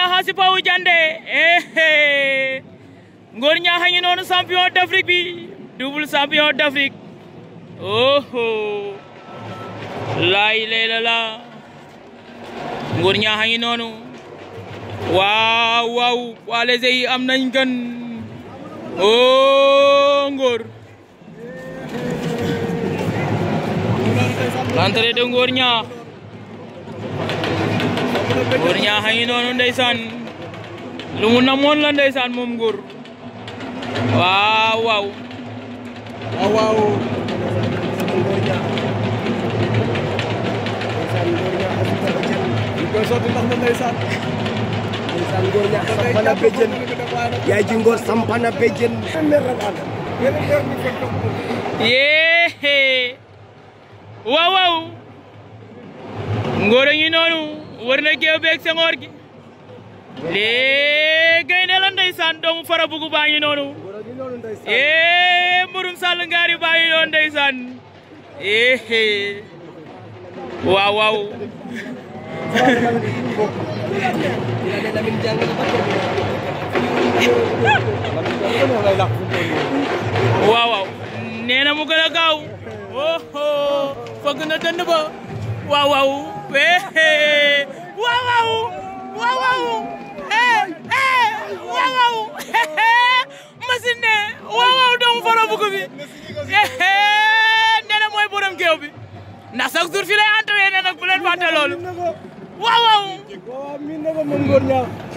na Hasipa Oujande eh Ngor Niakh a ngi noonu champion d'Afrique bi double champion d'Afrique oh oh laay leela la Ngor Niakh a ngi noonu waaw waaw waa les yi am nañ gën oh Ngor l'entrée de Ngor góor ñaaxa ngi noonu lu mu namoon la ndeysaan moom góor waaw waaw waaw sampana béjjén yaay ji ngor sampana béjjén yee waaw waaw war na géew beeg sengoor gi lée gaynde la ndeysaan doomu fara bugu bayi ngi e ee mburum sàll ngaari baa ngi san e he waaw waaw waaw waaw nee mu gën a oh oh fëgg na dënd ba waaw waaw waaw waaw waaw waaw eh eh waaw waaw Massine waaw waaw doomu Faro bi nee na mooy borom géew bi ndax chaque jour fi lay entraîné nag bu leen fàtte loolu waaw waaw. waaw miin na ko